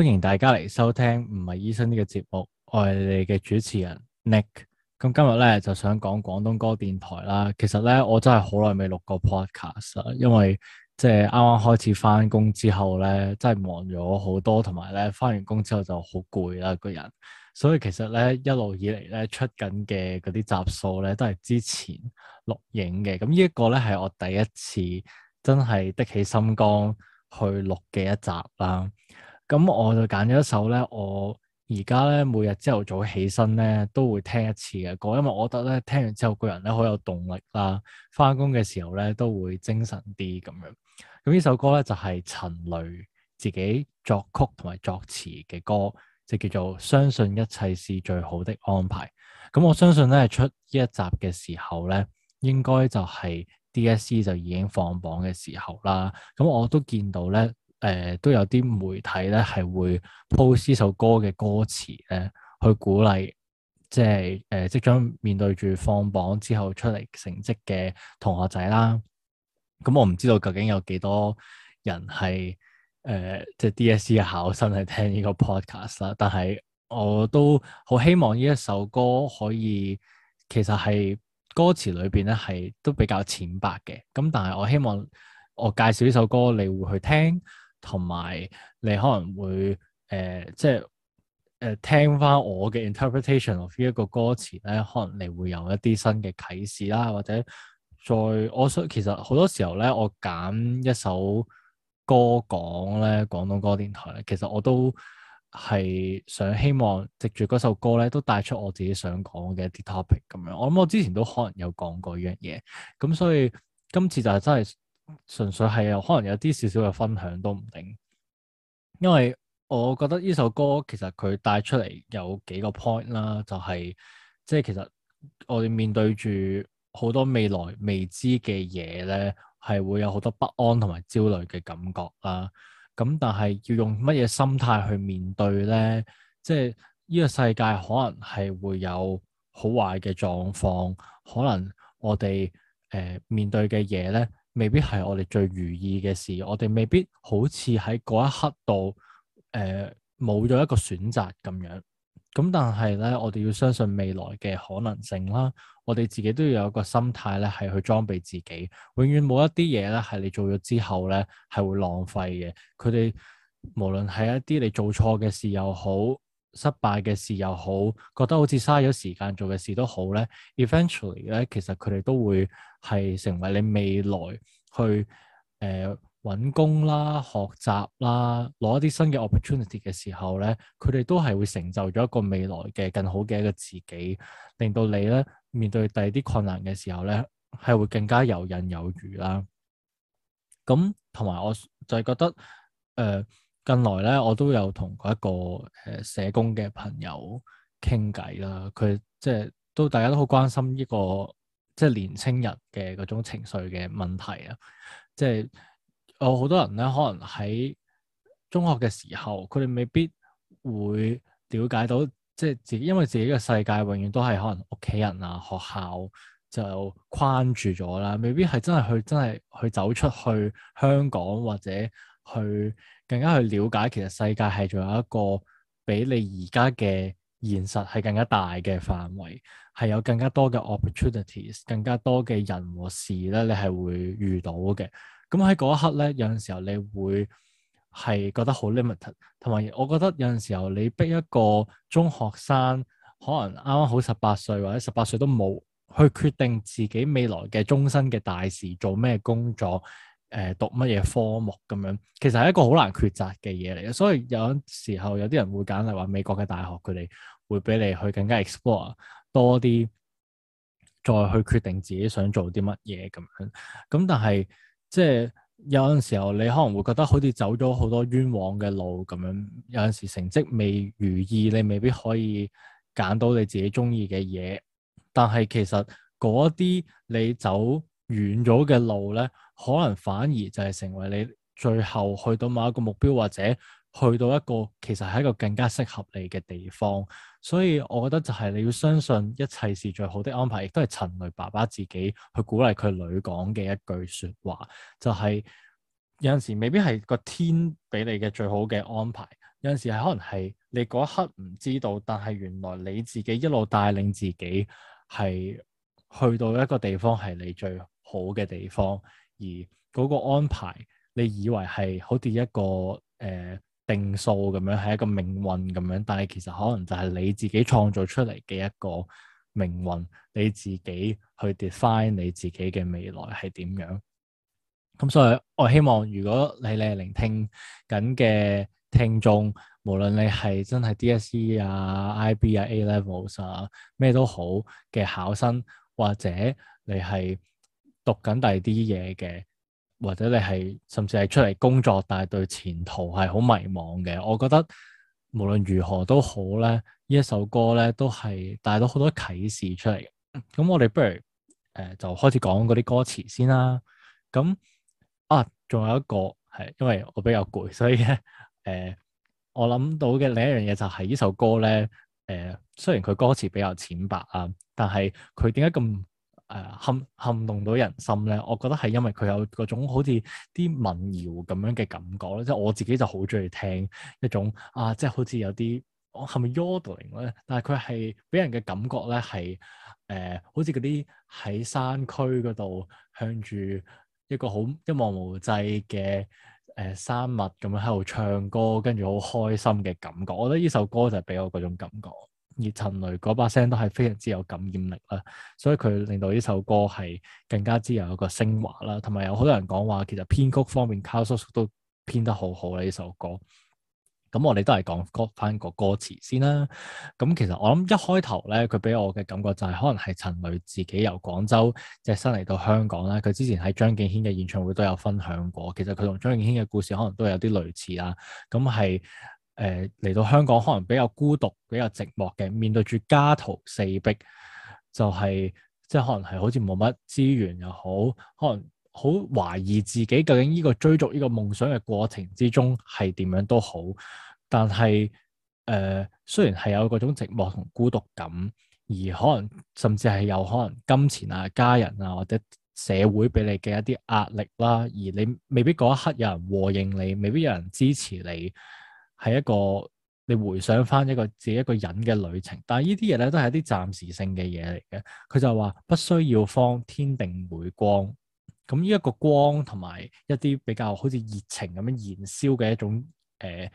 歡迎大家嚟收聽唔係醫生呢個節目，我係你嘅主持人 Nick。咁今日咧就想講廣東歌電台啦。其實咧我真係好耐未錄過 podcast 啦，因為即係啱啱開始翻工之後咧，真係忙咗好多，同埋咧翻完工之後就好攰啦個人。所以其實咧一路以嚟咧出緊嘅嗰啲集數咧都係之前錄影嘅。咁呢一個咧係我第一次真係的起心肝去錄嘅一集啦。咁我就揀咗一首咧，我而家咧每日朝頭早起身咧都會聽一次嘅歌，因為我覺得咧聽完之後個人咧好有動力啦，返工嘅時候咧都會精神啲咁樣。咁呢首歌咧就係陳蕾自己作曲同埋作詞嘅歌，就叫做《相信一切是最好的安排》。咁我相信咧，出呢一集嘅時候咧，應該就係 DSE 就已經放榜嘅時候啦。咁我都見到咧。誒、呃、都有啲媒體咧係會 post 呢首歌嘅歌詞咧，去鼓勵即係誒、呃、即將面對住放榜之後出嚟成績嘅同學仔啦。咁我唔知道究竟有幾多人係誒、呃、即 DSE 嘅考生係聽呢個 podcast 啦。但係我都好希望呢一首歌可以，其實係歌詞裏邊咧係都比較淺白嘅。咁但係我希望我介紹呢首歌，你會去聽。同埋，你可能會誒、呃，即係誒、呃、聽翻我嘅 interpretation of 呢一個歌詞咧，可能你會有一啲新嘅啟示啦，或者再我想，其實好多時候咧，我揀一首歌講咧廣東歌電台咧，其實我都係想希望藉住嗰首歌咧，都帶出我自己想講嘅一啲 topic 咁樣。我諗我之前都可能有講過依樣嘢，咁所以今次就係真係。純粹係有可能有啲少少嘅分享都唔定，因為我覺得呢首歌其實佢帶出嚟，有幾個 point 啦，就係、是、即係其實我哋面對住好多未來未知嘅嘢咧，係會有好多不安同埋焦慮嘅感覺啦。咁但係要用乜嘢心態去面對咧？即係呢個世界可能係會有好壞嘅狀況，可能我哋誒、呃、面對嘅嘢咧。未必係我哋最如意嘅事，我哋未必好似喺嗰一刻度，誒冇咗一個選擇咁樣。咁但係咧，我哋要相信未來嘅可能性啦。我哋自己都要有個心態咧，係去裝備自己。永遠冇一啲嘢咧，係你做咗之後咧係會浪費嘅。佢哋無論係一啲你做錯嘅事又好，失敗嘅事又好，覺得好似嘥咗時間做嘅事都好咧。Eventually 咧，其實佢哋都會。係成為你未來去誒搵，呃，工啦、學習啦、攞一啲新嘅 opportunity 嘅時候咧，佢哋都係會成就咗一個未來嘅更好嘅一個自己，令到你咧面對第二啲困難嘅時候咧，係會更加遊刃有餘啦。咁同埋我就係覺得誒、呃、近來咧，我都有同一個誒社工嘅朋友傾偈啦，佢即係都大家都好關心呢、這個。即係年青人嘅嗰種情緒嘅問題啊！即係有好多人咧，可能喺中學嘅時候，佢哋未必會了解到，即係自己因為自己嘅世界永遠都係可能屋企人啊、學校就框住咗啦，未必係真係去真係去走出去香港或者去更加去了解，其實世界係仲有一個俾你而家嘅。現實係更加大嘅範圍，係有更加多嘅 opportunities，更加多嘅人和事咧，你係會遇到嘅。咁喺嗰一刻咧，有陣時候你會係覺得好 limited，同埋我覺得有陣時候你逼一個中學生，可能啱啱好十八歲或者十八歲都冇去決定自己未來嘅終身嘅大事，做咩工作？誒讀乜嘢科目咁樣，其實係一個好難抉擇嘅嘢嚟嘅，所以有陣時候有啲人會揀，例如話美國嘅大學，佢哋會俾你去更加 explore 多啲，再去決定自己想做啲乜嘢咁樣。咁但係即係有陣時候你可能會覺得好似走咗好多冤枉嘅路咁樣，有陣時成績未如意，你未必可以揀到你自己中意嘅嘢。但係其實嗰啲你走遠咗嘅路咧。可能反而就係成為你最後去到某一個目標，或者去到一個其實係一個更加適合你嘅地方。所以我覺得就係你要相信一切是最好的安排，亦都係陳雷爸爸自己去鼓勵佢女講嘅一句說話，就係有陣時未必係個天俾你嘅最好嘅安排，有陣時，係可能係你嗰一刻唔知道，但係原來你自己一路帶領自己係去到一個地方係你最好嘅地方。而嗰個安排，你以為係好似一個誒、呃、定數咁樣，係一個命運咁樣，但係其實可能就係你自己創造出嚟嘅一個命運，你自己去 define 你自己嘅未來係點樣。咁所以我希望，如果你你係聆聽緊嘅聽眾，無論你係真係 DSE 啊、IB 啊、A Levels 啊咩都好嘅考生，或者你係，讀緊第二啲嘢嘅，或者你係甚至係出嚟工作，但係對前途係好迷茫嘅。我覺得無論如何都好咧，呢一首歌咧都係帶咗好多啟示出嚟。咁我哋不如誒、呃、就開始講嗰啲歌詞先啦。咁啊，仲有一個係因為我比較攰，所以咧誒、呃、我諗到嘅另一樣嘢就係呢首歌咧誒、呃，雖然佢歌詞比較淺白啊，但係佢點解咁？誒撼撼動到人心咧，我覺得係因為佢有嗰種好似啲民謠咁樣嘅感覺咯，即係我自己就好中意聽一種啊，即係好似有啲我係咪、啊、yodeling 咧？但係佢係俾人嘅感覺咧係誒，好似嗰啲喺山區嗰度向住一個好一望無際嘅誒、呃、山脈咁樣喺度唱歌，跟住好開心嘅感覺。我覺得呢首歌就係俾我嗰種感覺。而陳雷嗰把聲都係非常之有感染力啦，所以佢令到呢首歌係更加之有一個昇華啦，同埋有好多人講話，其實編曲方面，卡叔叔都編得好好啦呢首歌。咁我哋都係講翻個歌詞先啦。咁其實我諗一開頭咧，佢俾我嘅感覺就係可能係陳雷自己由廣州隻身嚟到香港啦。佢之前喺張敬軒嘅演唱會都有分享過，其實佢同張敬軒嘅故事可能都有啲類似啦。咁係。誒嚟到香港，可能比較孤獨、比較寂寞嘅，面對住家徒四壁，就係、是、即係可能係好似冇乜資源又好，可能好懷疑自己究竟呢個追逐呢個夢想嘅過程之中係點樣都好。但係誒、呃，雖然係有嗰種寂寞同孤獨感，而可能甚至係有可能金錢啊、家人啊或者社會俾你嘅一啲壓力啦、啊，而你未必嗰一刻有人和應你，未必有人支持你。係一個你回想翻一個自己一個人嘅旅程，但係呢啲嘢咧都係一啲暫時性嘅嘢嚟嘅。佢就話不需要放天定會光，咁呢一個光同埋一啲比較好似熱情咁樣燃燒嘅一種誒誒、呃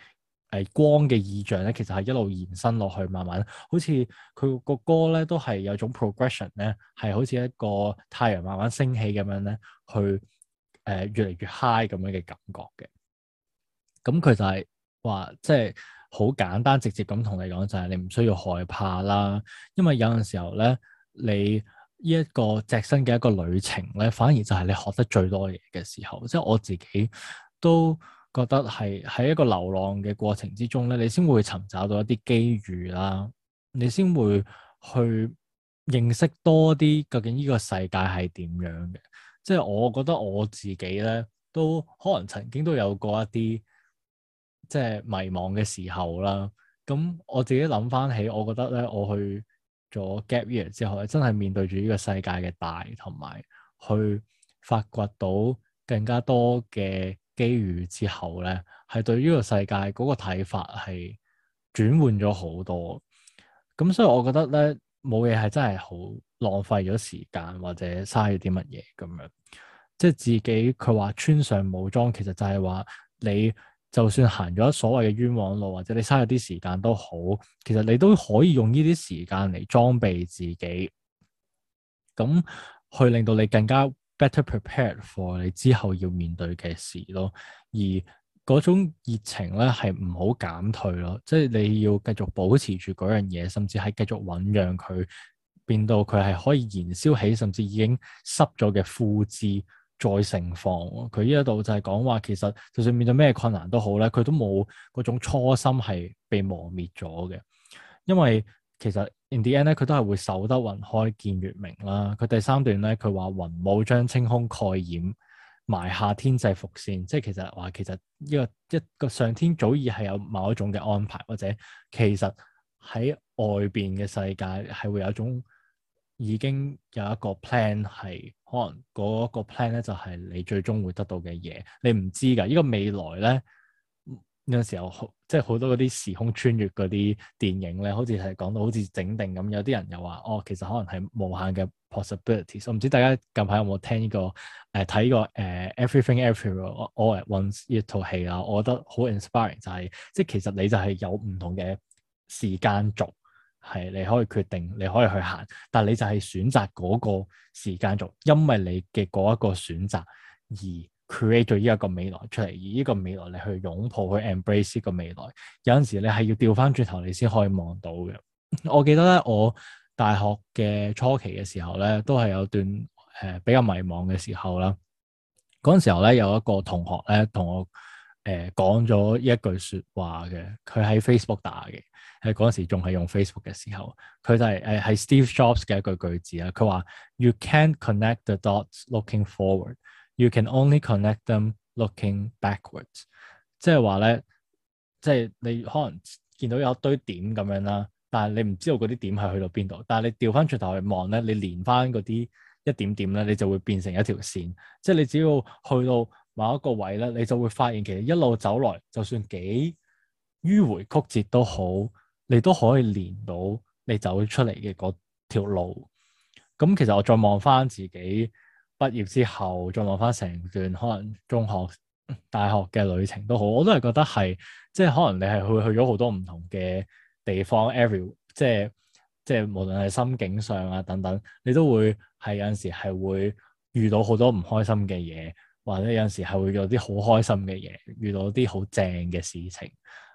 呃、光嘅意象咧，其實係一路延伸落去，慢慢好似佢個歌咧都係有種 progression 咧，係好似一個太陽慢慢升起咁樣咧，去誒、呃、越嚟越 high 咁樣嘅感覺嘅。咁佢就係、是。話即係好簡單直接咁同你講就係你唔需要害怕啦，因為有陣時候咧，你呢一個隻身嘅一個旅程咧，反而就係你學得最多嘢嘅時候。即係我自己都覺得係喺一個流浪嘅過程之中咧，你先會尋找到一啲機遇啦，你先會去認識多啲究竟呢個世界係點樣嘅。即係我覺得我自己咧都可能曾經都有過一啲即係迷茫嘅時候啦，咁我自己諗翻起，我覺得咧，我去咗 gap year 之後咧，真係面對住呢個世界嘅大，同埋去發掘到更加多嘅機遇之後咧，係對呢個世界嗰個睇法係轉換咗好多。咁所以我覺得咧，冇嘢係真係好浪費咗時間或者嘥咗啲乜嘢咁樣，即係自己佢話穿上武裝，其實就係話你。就算行咗所謂嘅冤枉路，或者你嘥咗啲時間都好，其實你都可以用呢啲時間嚟裝備自己，咁去令到你更加 better prepared for 你之後要面對嘅事咯。而嗰種熱情咧係唔好減退咯，即係你要繼續保持住嗰樣嘢，甚至係繼續醞釀佢變到佢係可以燃燒起，甚至已經濕咗嘅枯枝，再盛放，佢呢一度就係講話，其實就算面對咩困難都好咧，佢都冇嗰種初心係被磨滅咗嘅。因為其實 in the end 咧，佢都係會守得雲開見月明啦。佢第三段咧，佢話雲霧將青空蓋掩，埋下天際伏線，即係其實話其實呢個一個上天早已係有某一種嘅安排，或者其實喺外邊嘅世界係會有一種已經有一個 plan 係。可能嗰個 plan 咧就係、是、你最終會得到嘅嘢，你唔知噶。呢個未來咧，有陣時候即係好多嗰啲時空穿越嗰啲電影咧，好似係講到好似整定咁。有啲人又話哦，其實可能係無限嘅 possibilities。我唔知大家近排有冇聽呢、呃這個誒睇過誒 Everything Everywhere All, All at Once 呢套戲啊？我覺得好 inspiring，就係、是、即係其實你就係有唔同嘅時間軸。係，你可以決定，你可以去行，但係你就係選擇嗰個時間做，因為你嘅嗰一個選擇而 create 咗呢一個未來出嚟，而呢個未來你去擁抱去 embrace 呢個未來，有陣時你係要掉返轉頭你先可以望到嘅。我記得咧，我大學嘅初期嘅時候咧，都係有段誒比較迷茫嘅時候啦。嗰陣時候咧，有一個同學咧，同我。誒講咗一句説話嘅，佢喺 Facebook 打嘅，喺嗰陣時仲係用 Facebook 嘅時候，佢就係誒喺 Steve Jobs 嘅一句句子啊，佢話：You can't connect the dots looking forward, you can only connect them looking backwards。即係話咧，即係你可能見到有一堆點咁樣啦，但係你唔知道嗰啲點係去到邊度，但係你調翻轉頭去望咧，你連翻嗰啲一點點咧，你就會變成一條線。即係你只要去到，某一個位咧，你就會發現，其實一路走來，就算幾迂回曲折都好，你都可以連到你走出嚟嘅嗰條路。咁其實我再望翻自己畢業之後，再望翻成段可能中學、大學嘅旅程都好，我都係覺得係即係可能你係去去咗好多唔同嘅地方，every 即係即係無論係心境上啊等等，你都會係有陣時係會遇到好多唔開心嘅嘢。或者有陣時係會有啲好開心嘅嘢，遇到啲好正嘅事情，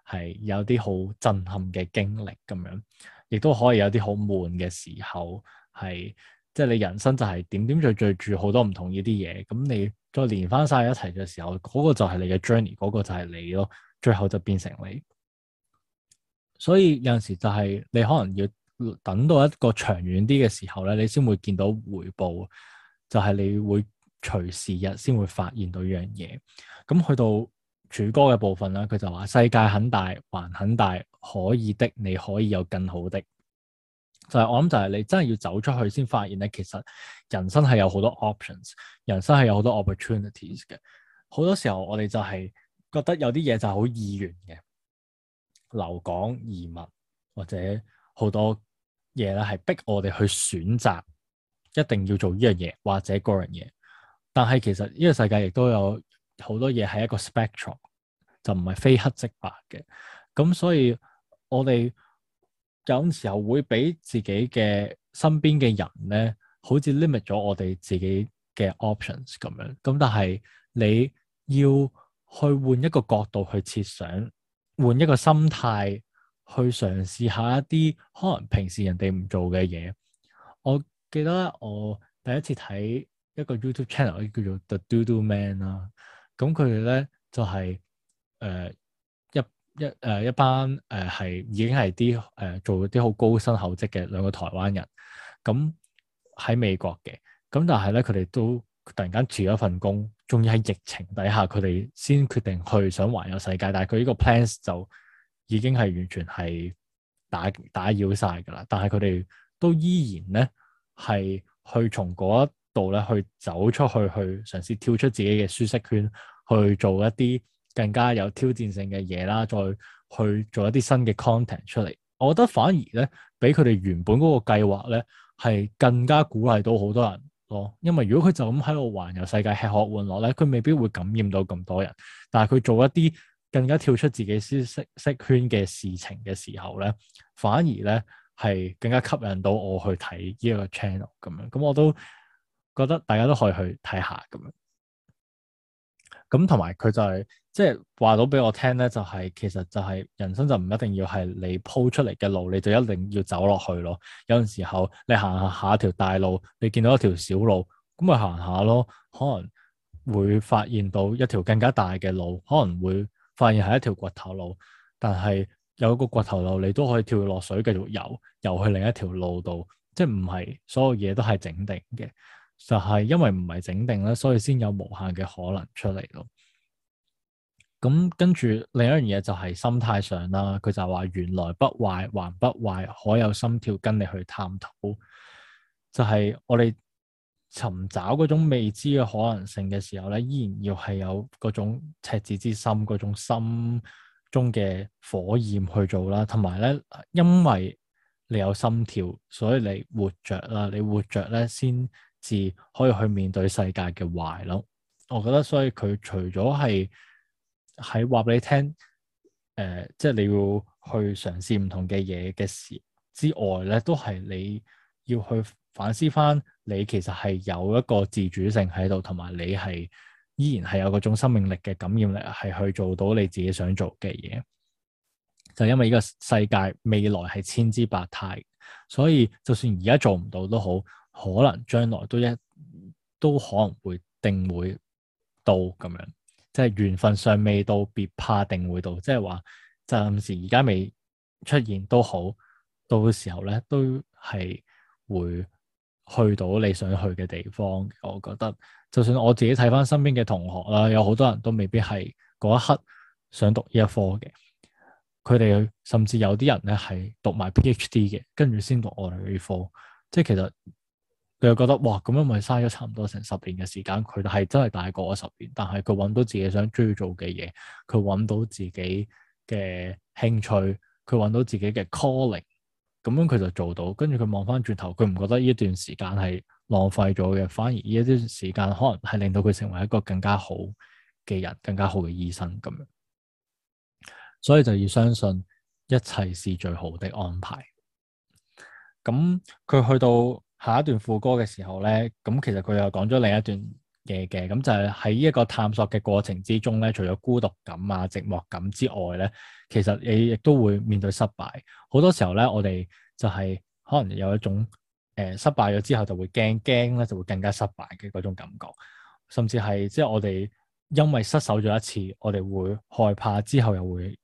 係有啲好震撼嘅經歷咁樣，亦都可以有啲好悶嘅時候，係即係你人生就係點點聚聚住好多唔同呢啲嘢，咁你再連翻晒一齊嘅時候，嗰個就係你嘅 journey，嗰個就係你咯，最後就變成你。所以有陣時就係你可能要等到一個長遠啲嘅時候咧，你先會見到回報，就係你會。隨時日先會發現到呢樣嘢，咁去到主歌嘅部分咧，佢就話，世界很大，還很大，可以的，你可以有更好的。就係我諗，就係你真係要走出去先發現咧，其實人生係有好多 options，人生係有好多 opportunities 嘅。好多時候我哋就係覺得有啲嘢就好二元嘅，留港移民或者好多嘢咧，係逼我哋去選擇，一定要做呢樣嘢或者嗰樣嘢。但係其實呢個世界亦都有好多嘢係一個 spectrum，就唔係非黑即白嘅。咁所以我哋有陣時候會俾自己嘅身邊嘅人咧，好似 limit 咗我哋自己嘅 options 咁樣。咁但係你要去換一個角度去設想，換一個心態去嘗試下一啲可能平時人哋唔做嘅嘢。我記得我第一次睇一個 YouTube channel 叫做 The Do Do Man 啦、啊，咁佢哋咧就係、是、誒、呃、一一誒、呃、一班誒係、呃、已經係啲誒做啲好高薪厚職嘅兩個台灣人，咁、嗯、喺美國嘅咁，但係咧佢哋都突然間辭咗份工，仲要喺疫情底下，佢哋先決定去想環遊世界。但係佢呢個 plans 就已經係完全係打打擾晒㗎啦。但係佢哋都依然咧係去從嗰一度咧，去走出去，去嘗試跳出自己嘅舒適圈，去做一啲更加有挑戰性嘅嘢啦，再去做一啲新嘅 content 出嚟。我覺得反而咧，比佢哋原本嗰個計劃咧，係更加鼓勵到好多人咯。因為如果佢就咁喺度環遊世界吃喝玩樂咧，佢未必會感染到咁多人。但係佢做一啲更加跳出自己舒適舒適圈嘅事情嘅時候咧，反而咧係更加吸引到我去睇呢一個 channel 咁樣。咁我都。覺得大家都可以去睇下咁樣，咁同埋佢就係即係話到俾我聽咧，就係其實就係人生就唔一定要係你鋪出嚟嘅路，你就一定要走落去咯。有陣時候你行下一,一條大路，你見到一條小路，咁咪行下咯。可能會發現到一條更加大嘅路，可能會發現係一條掘頭路，但係有個掘頭路你都可以跳落水繼續遊，遊去另一條路度。即係唔係所有嘢都係整定嘅。就係因為唔係整定啦，所以先有無限嘅可能出嚟咯。咁跟住另一樣嘢就係心態上啦。佢就話原來不壞還不壞，可有心跳跟你去探討。就係我哋尋找嗰種未知嘅可能性嘅時候咧，依然要係有嗰種赤子之心，嗰種心中嘅火焰去做啦。同埋咧，因為你有心跳，所以你活着啦。你活着咧，先。字可以去面對世界嘅壞咯，我覺得所以佢除咗係喺話俾你聽，誒，即係你要去嘗試唔同嘅嘢嘅時之外咧，都係你要去反思翻，你其實係有一個自主性喺度，同埋你係依然係有嗰種生命力嘅感染力，係去做到你自己想做嘅嘢。就因為呢個世界未來係千姿百態，所以就算而家做唔到都好。可能將來都一都可能會定會到咁樣，即係緣分尚未到，別怕定會到。即係話暫時而家未出現都好，到時候咧都係會去到你想去嘅地方。我覺得，就算我自己睇翻身邊嘅同學啦，有好多人都未必係嗰一刻想讀呢一科嘅，佢哋甚至有啲人咧係讀埋 PhD 嘅，跟住先讀我哋呢科，即係其實。佢又覺得哇，咁樣咪嘥咗差唔多成十年嘅時間，佢係真係大過咗十年，但係佢揾到自己想追做嘅嘢，佢揾到自己嘅興趣，佢揾到自己嘅 calling，咁樣佢就做到。跟住佢望翻轉頭，佢唔覺得呢一段時間係浪費咗嘅，反而呢一啲時間可能係令到佢成為一個更加好嘅人，更加好嘅醫生咁樣。所以就要相信一切是最好的安排。咁佢去到。下一段副歌嘅時候咧，咁其實佢又講咗另一段嘢嘅，咁就係喺呢一個探索嘅過程之中咧，除咗孤獨感啊、寂寞感之外咧，其實你亦都會面對失敗。好多時候咧，就是，我哋就係可能有一種誒、呃、失敗咗之後就會驚驚咧，就會更加失敗嘅嗰種感覺，甚至係即係我哋因為失手咗一次，我哋會害怕之後又會誒、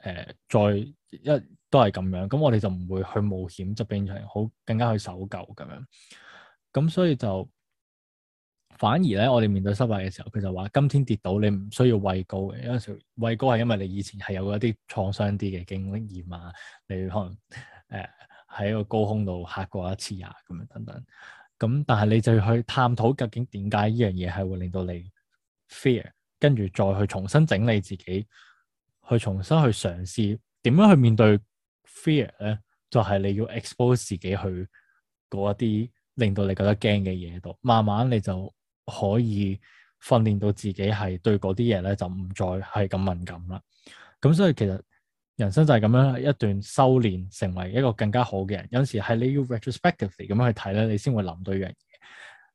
呃、再一。都係咁樣，咁我哋就唔會去冒險，就變成好更加去守舊咁樣。咁所以就反而咧，我哋面對失敗嘅時候，佢就話：今天跌倒你唔需要畏高嘅，有陣時畏高係因為你以前係有一啲創傷啲嘅經驗啊，你可能誒喺、呃、個高空度嚇過一次啊，咁樣等等。咁但係你就去探討究竟點解呢樣嘢係會令到你 fear，跟住再去重新整理自己，去重新去嘗試點樣去面對。Fear 咧，就係你要 expose 自己去嗰一啲令到你覺得驚嘅嘢度，慢慢你就可以訓練到自己係對嗰啲嘢咧就唔再係咁敏感啦。咁所以其實人生就係咁樣一段修煉，成為一個更加好嘅人。有陣時係你要 retrospectively 咁樣去睇咧，你先會諗到樣嘢，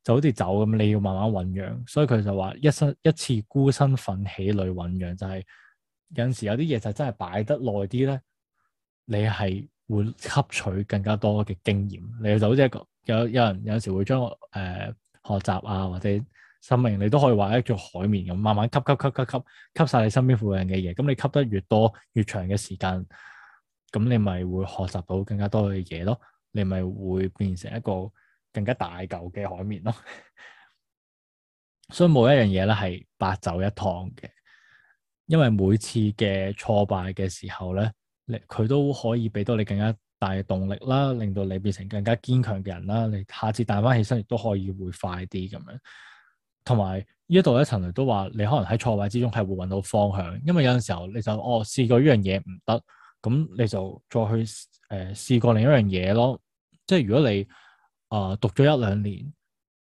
就好似酒咁，你要慢慢醞釀。所以佢就話一生一次孤身奮起裏醞釀，就係有陣時有啲嘢就真係擺得耐啲咧。你係會吸取更加多嘅經驗，你就好似有有人有時會將誒、呃、學習啊或者生命，你都可以話一做海綿咁，慢慢吸吸吸吸吸吸晒你身邊附近嘅嘢，咁你吸得越多越長嘅時間，咁你咪會學習到更加多嘅嘢咯，你咪會變成一個更加大嚿嘅海綿咯。 所以冇一樣嘢咧係白走一趟嘅，因為每次嘅挫敗嘅時候咧。佢都可以俾到你更加大嘅動力啦，令到你變成更加堅強嘅人啦。你下次彈翻起身亦都可以會快啲咁樣。同埋呢一度咧，陳雷都話，你可能喺挫敗之中係會搵到方向，因為有陣時候你就哦，試過呢樣嘢唔得，咁你就再去誒試、呃、過另一樣嘢咯。即係如果你啊、呃、讀咗一兩年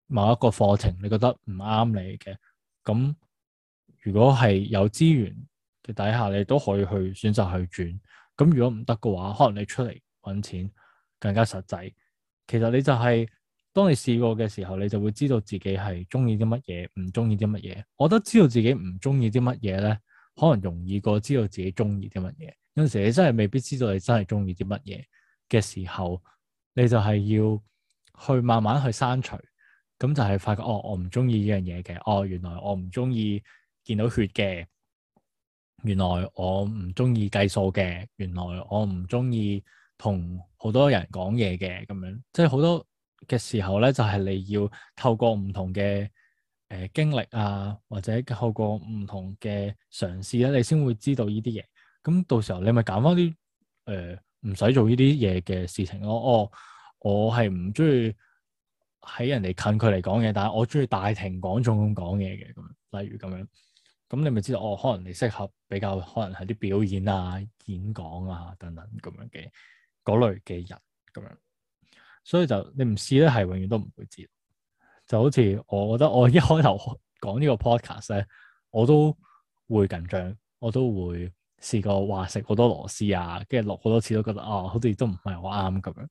某一個課程，你覺得唔啱你嘅，咁如果係有資源嘅底下，你都可以去選擇去轉。咁如果唔得嘅話，可能你出嚟搵錢更加實際。其實你就係當你試過嘅時候，你就會知道自己係中意啲乜嘢，唔中意啲乜嘢。我覺得知道自己唔中意啲乜嘢呢，可能容易過知道自己中意啲乜嘢。有陣時你真係未必知道你真係中意啲乜嘢嘅時候，你就係要去慢慢去刪除，咁就係發覺哦，我唔中意呢樣嘢嘅。哦，原來我唔中意見到血嘅。原來我唔中意計數嘅，原來我唔中意同好多人講嘢嘅，咁樣即係好多嘅時候咧，就係、是、你要透過唔同嘅，誒、呃、經歷啊，或者透過唔同嘅嘗試咧，你先會知道呢啲嘢。咁到時候你咪揀翻啲，誒，唔使做呢啲嘢嘅事情咯。哦，我係唔中意喺人哋近距離講嘢，但係我中意大庭廣眾咁講嘢嘅，咁例如咁樣。咁你咪知道哦？可能你適合比較可能係啲表演啊、演講啊等等咁樣嘅嗰類嘅人咁樣，所以就你唔試咧，係永遠都唔會知。就好似我覺得我一開頭講呢個 podcast 咧，我都會緊張，我都會試過話食好多螺絲啊，跟住落好多次都覺得啊、哦，好似都唔係好啱咁樣。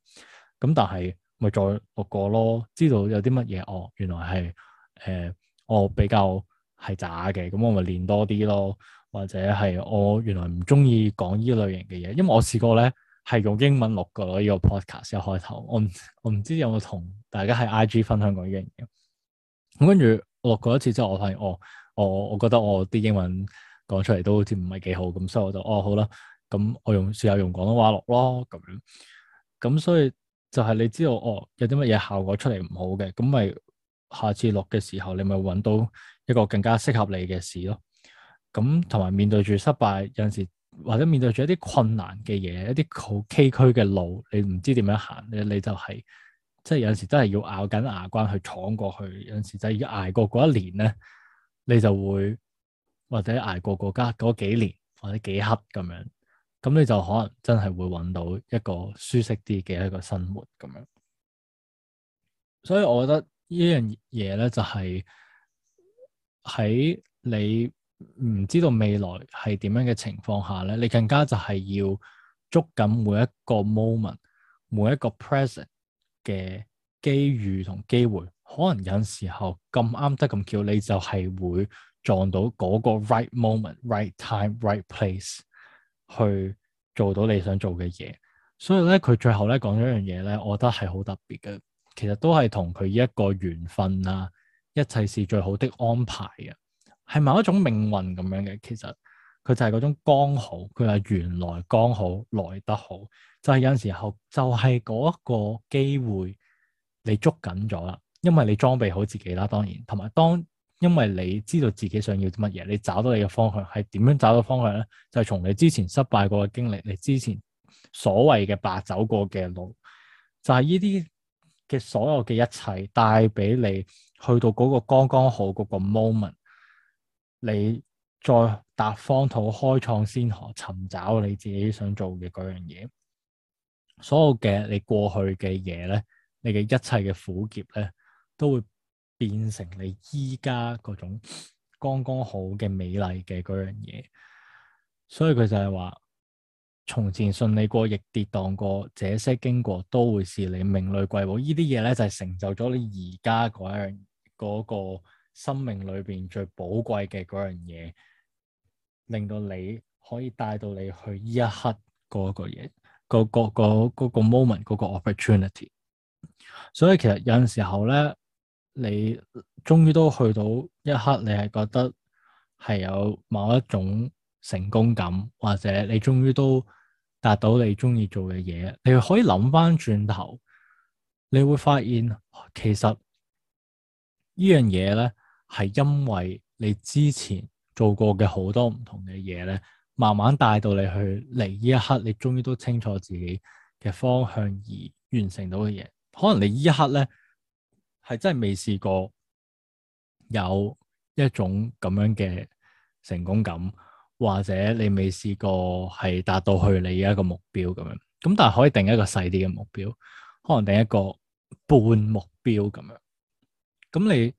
咁但係咪再錄過咯？知道有啲乜嘢哦？原來係誒、呃，我比較。係渣嘅，咁我咪練多啲咯，或者係我原來唔中意講呢類型嘅嘢，因為我試過咧係用英文錄過呢個 podcast，一開頭我我唔知有冇同大家喺 IG 分享過呢樣嘢。咁跟住錄過一次之後，我發現、哦、我我我覺得我啲英文講出嚟都好似唔係幾好，咁所以我就哦，好啦，咁我用試下用廣東話錄咯咁樣。咁所以就係你知道哦，有啲乜嘢效果出嚟唔好嘅，咁咪。下次落嘅時候，你咪搵到一個更加適合你嘅事咯。咁同埋面對住失敗，有陣時或者面對住一啲困難嘅嘢，一啲好崎嶇嘅路，你唔知點樣行，你你就係即係有陣時真係要咬緊牙關去闖過去。有陣時就係要捱過嗰一年咧，你就會或者捱過嗰家嗰幾年或者幾刻咁樣，咁你就可能真係會搵到一個舒適啲嘅一個生活咁樣。所以我覺得。呢樣嘢，咧就係喺你唔知道未來係點樣嘅情況下咧，你更加就係要捉緊每一個 moment、每一個 present 嘅機遇同機會。可能有時候咁啱得咁巧，你就係會撞到嗰個 right moment、right time、right place 去做到你想做嘅嘢。所以咧，佢最後咧講咗一樣嘢咧，我覺得係好特別嘅。其實都係同佢一個緣分啊，一切是最好的安排嘅，係某一種命運咁樣嘅。其實佢就係嗰種剛好，佢話原來剛好來得好，就係有陣時候就係嗰一個機會你捉緊咗啦，因為你裝備好自己啦，當然同埋當因為你知道自己想要啲乜嘢，你找到你嘅方向係點樣找到方向呢？就係從你之前失敗過嘅經歷，你之前所謂嘅白走過嘅路，就係呢啲嘅所有嘅一切帶俾你去到嗰個剛剛好嗰個 moment，你再踏荒土開創先河，尋找你自己想做嘅嗰樣嘢。所有嘅你過去嘅嘢咧，你嘅一切嘅苦澀咧，都會變成你依家嗰種剛剛好嘅美麗嘅嗰樣嘢。所以佢就係話。從前順利過，亦跌蕩過，這些經過都會是你命裡貴寶。呢啲嘢咧就係成就咗你而家嗰樣嗰個生命裏邊最寶貴嘅嗰樣嘢，令到你可以帶到你去呢一刻嗰個嘢，嗰、嗰個、嗰個 moment 嗰、嗰個 opportunity、嗰個。所以其實有陣時候咧，你終於都去到一刻，你係覺得係有某一種成功感，或者你終於都。達到你中意做嘅嘢，你可以諗翻轉頭，你會發現其實呢樣嘢咧係因為你之前做過嘅好多唔同嘅嘢咧，慢慢帶到你去嚟呢一刻，你終於都清楚自己嘅方向而完成到嘅嘢。可能你呢一刻咧係真係未試過有一種咁樣嘅成功感。或者你未試過係達到去你一個目標咁樣，咁但係可以定一個細啲嘅目標，可能定一個半目標咁樣。咁你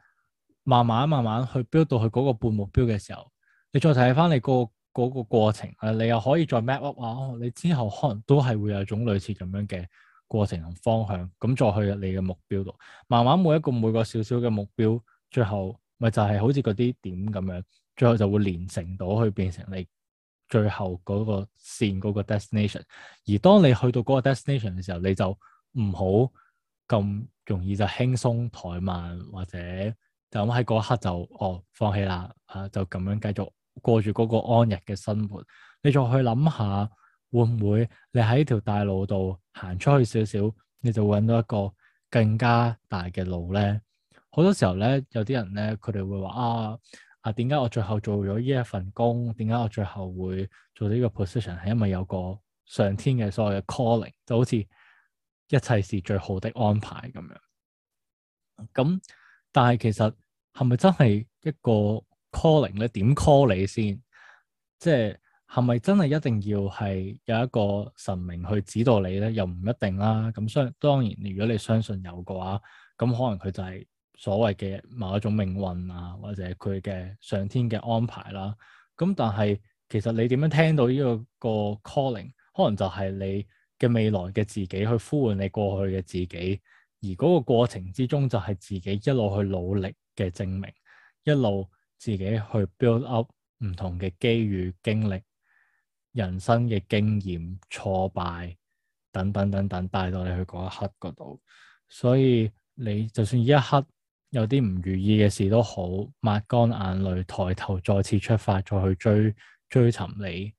慢慢慢慢去標到去嗰個半目標嘅時候，你再睇翻你個嗰個過程，誒，你又可以再 map up 啊，你之後可能都係會有一種類似咁樣嘅過程同方向，咁再去你嘅目標度，慢慢每一個每個少少嘅目標，最後咪就係好似嗰啲點咁樣。最後就會連成到去變成你最後嗰個線嗰個 destination。而當你去到嗰個 destination 嘅時候，你就唔好咁容易就輕鬆怠慢，或者就咁喺嗰一刻就哦放棄啦啊，就咁樣繼續過住嗰個安逸嘅生活。你再去諗下，會唔會你喺條大路度行出去少少，你就會搵到一個更加大嘅路咧？好多時候咧，有啲人咧，佢哋會話啊～啊，點解我最後做咗呢一份工？點解我最後會做咗呢個 position？係因為有個上天嘅所謂嘅 calling，就好似一切是最好的安排咁樣。咁、啊、但係其實，係咪真係一個 calling 咧？點 call 你先？即、就、係、是，係咪真係一定要係有一個神明去指導你咧？又唔一定啦。咁相當然，如果你相信有嘅話，咁可能佢就係、是。所謂嘅某一種命運啊，或者佢嘅上天嘅安排啦，咁但係其實你點樣聽到呢個個 calling，可能就係你嘅未來嘅自己去呼喚你過去嘅自己，而嗰個過程之中就係自己一路去努力嘅證明，一路自己去 build up 唔同嘅機遇、經歷、人生嘅經驗、挫敗等等等等，帶到你去嗰一刻嗰度。所以你就算一刻，有啲唔如意嘅事都好，抹乾眼淚，抬頭再次出發，再去追追尋你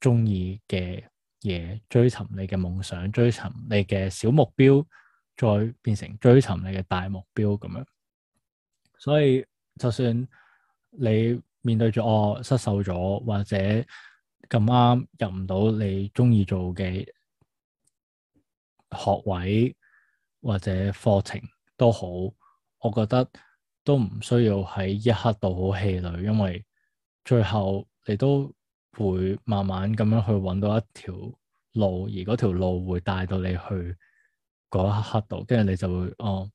中意嘅嘢，追尋你嘅夢想，追尋你嘅小目標，再變成追尋你嘅大目標咁樣。所以，就算你面對住我、哦、失手咗，或者咁啱入唔到你中意做嘅學位或者課程都好。我覺得都唔需要喺一刻度好氣餒，因為最後你都會慢慢咁樣去揾到一條路，而嗰條路會帶到你去嗰一刻度，跟住你就會哦，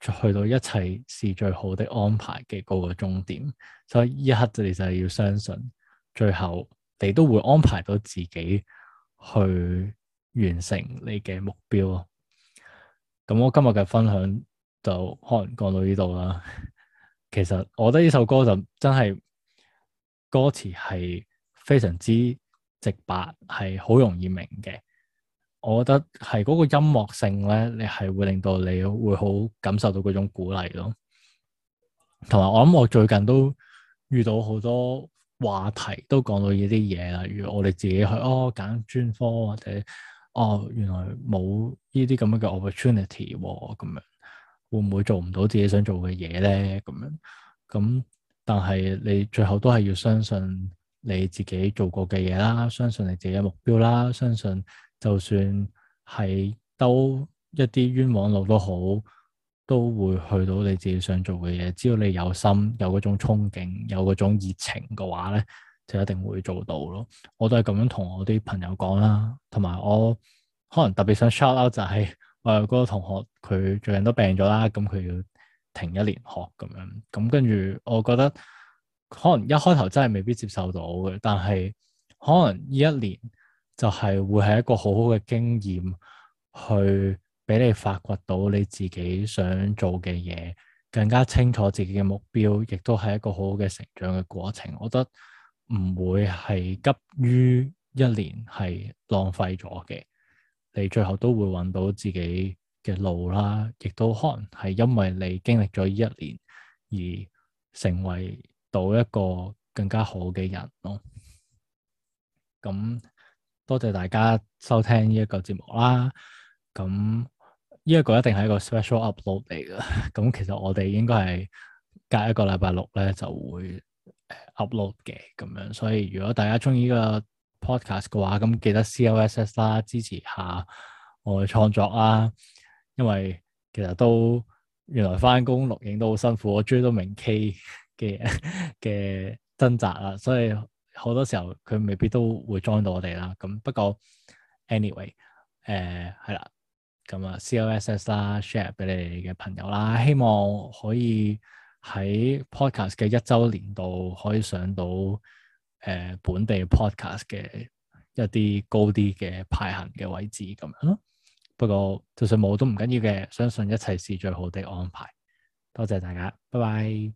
去到一切是最好的安排嘅嗰個終點。所以一刻你就係要相信，最後你都會安排到自己去完成你嘅目標。咁我今日嘅分享。就可能講到呢度啦。其實我覺得呢首歌就真係歌詞係非常之直白，係好容易明嘅。我覺得係嗰個音樂性咧，你係會令到你會好感受到嗰種鼓勵咯。同埋，我諗我最近都遇到好多話題都講到呢啲嘢啦，如我哋自己去哦揀專科或者哦原來冇呢啲咁樣嘅 opportunity 咁樣。會唔會做唔到自己想做嘅嘢咧？咁樣咁，但係你最後都係要相信你自己做過嘅嘢啦，相信你自己嘅目標啦，相信就算係兜一啲冤枉路都好，都會去到你自己想做嘅嘢。只要你有心，有嗰種憧憬，有嗰種熱情嘅話咧，就一定會做到咯。我都係咁樣同我啲朋友講啦，同埋我可能特別想 shout out 就係、是、～誒嗰個同學佢最近都病咗啦，咁佢要停一年學咁樣，咁跟住我覺得可能一開頭真係未必接受到嘅，但係可能呢一年就係會係一個好好嘅經驗，去畀你發掘到你自己想做嘅嘢，更加清楚自己嘅目標，亦都係一個好好嘅成長嘅過程。我覺得唔會係急於一年係浪費咗嘅。你最後都會揾到自己嘅路啦，亦都可能係因為你經歷咗呢一年而成為到一個更加好嘅人咯。咁多謝大家收聽呢一個節目啦。咁呢一個一定係一個 special upload 嚟嘅。咁其實我哋應該係隔一個禮拜六咧就會 upload 嘅咁樣。所以如果大家鍾意呢個，podcast 嘅話，咁記得 COSS 啦，支持下我嘅創作啦。因為其實都原來返工錄影都好辛苦，我追到名 K 嘅嘅掙扎啦，所以好多時候佢未必都會 join 到我哋啦。咁不過 anyway，誒、呃、係啦，咁啊 COSS 啦，share 俾你哋嘅朋友啦，希望可以喺 podcast 嘅一週年度可以上到。誒本地 podcast 嘅一啲高啲嘅排行嘅位置咁樣咯，不過就算冇都唔緊要嘅，相信一切是最好的安排。多謝大家，拜拜。